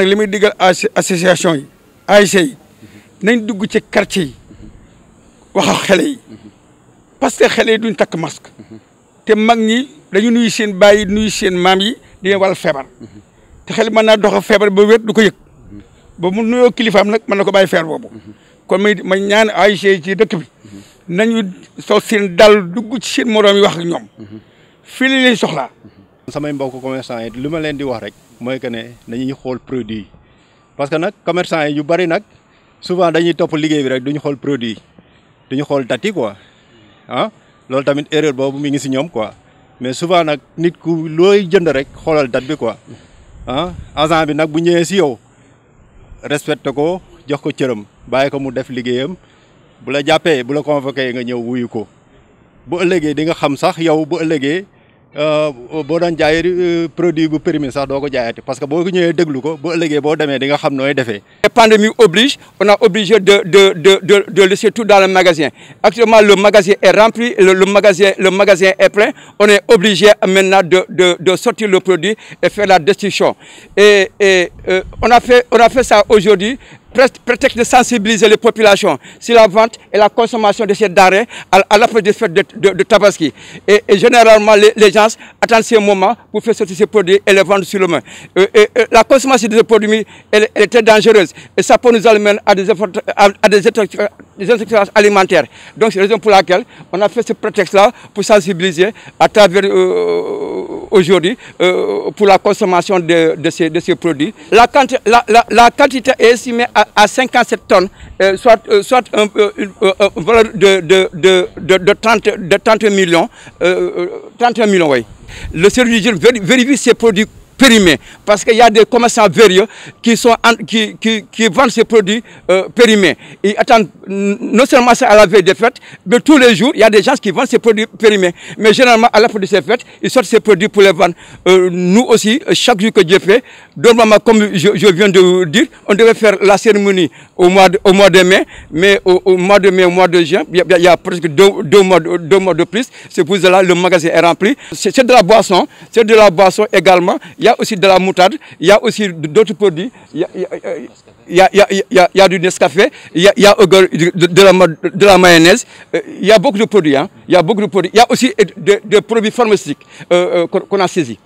nag li muy diggal association yi ASC yi nañ dugg ci quartier yi wax ak xale yi parce que xale yi duñ takk mask te mag ñi dañu nuyu seen baay yi nuyu seen maam yi dina wall feebar te xel mën naa dox feebar ba wér du ko yëg ba mu nuyoo kilifaam nag mën na ko bàyyi feebar boobu kon may ma ñaan ASC ci dëkk bi nañu sol seen dal dugg ci seen moroom yi wax ñoom fii la samay mbokk commerçant yi li ma leen di wax rek mooy que ne dañuy xool produit parce que nag commercant yi ñu bëri nag souvent dañuy topp liggéey bi rek duñu xool produit duñu xool date yi quoi ah loolu tamit erreur boobu mi ngi si ñoom quoi mais souvent nag nit ku looy jënd rek xoolal date bi quoi ah agent bi nag bu ñëwee si yow respecté ko jox ko cëram bàyyi ko mu def liggéeyam bu la jàppee bu la yi nga ñëw wuyu ko bu ëllëgee di nga xam sax yow bu ëllëgee. Euh, boo daan euh, produit bu permis sax doo ko jaayati parce que boo ko ñëwee ko boo ëllëgee bo démé di nga xam nooy la pandémie oblige on a obligé de de de de de laisser tout dans le magasin actuellement le magasin est rempli le magasin le magasin est plein on est obligé maintenant de de de sortir le produit et faire la destruction et et euh, on a fait on a fait ça aujourd'hui prétexte de sensibiliser les populations sur la vente et la consommation de ces darés à, à l'approche des fêtes de, Tabaski. Et, généralement, les, gens attendent ces moments pour faire sortir ces produits et les vendre sur le main. Et, la consommation de ces produits, est très dangereuse. Et ça peut nous amener à des, à, à des des insécurités alimentaires. Donc c'est la raison pour laquelle on a fait ce prétexte-là pour sensibiliser à travers euh, aujourd'hui euh, pour la consommation de, de, ces, produits. La, la, quantité est estimée à, 57 tonnes, euh, soit, soit un, valeur de, de, 30, de 30 millions. 31 millions oui. Le service vérifie ces produits périmés. Parce qu'il y a des commerçants verrieux qui, sont qui, qui, qui, vendent ces produits euh, périmés. Ils attendent non seulement ça à la veille des fêtes, mais tous les jours, il y a des gens qui vendent ces produits périmés. Mais généralement, à la veille de ces fêtes, ils sortent ces produits pour les vendre. Euh, nous aussi, chaque jour que je fait, normalement, comme je, viens de vous dire, on devait faire la cérémonie au mois de, au mois de mai, mais au, mois de mai, au mois de juin, il y, a presque deux, deux, mois, deux mois de plus. C'est pour cela le magasin est rempli. C'est de la boisson, c'est de la boisson également. Il y a aussi de la moutarde, il y a aussi d'autres produits. Il y a, du Nescafé, il y a, de, la, mayonnaise. Il euh, y a beaucoup de produits. Il hein. y a beaucoup de produits. Il y aussi euh, des produits pharmaceutiques euh, qu'on a saisis.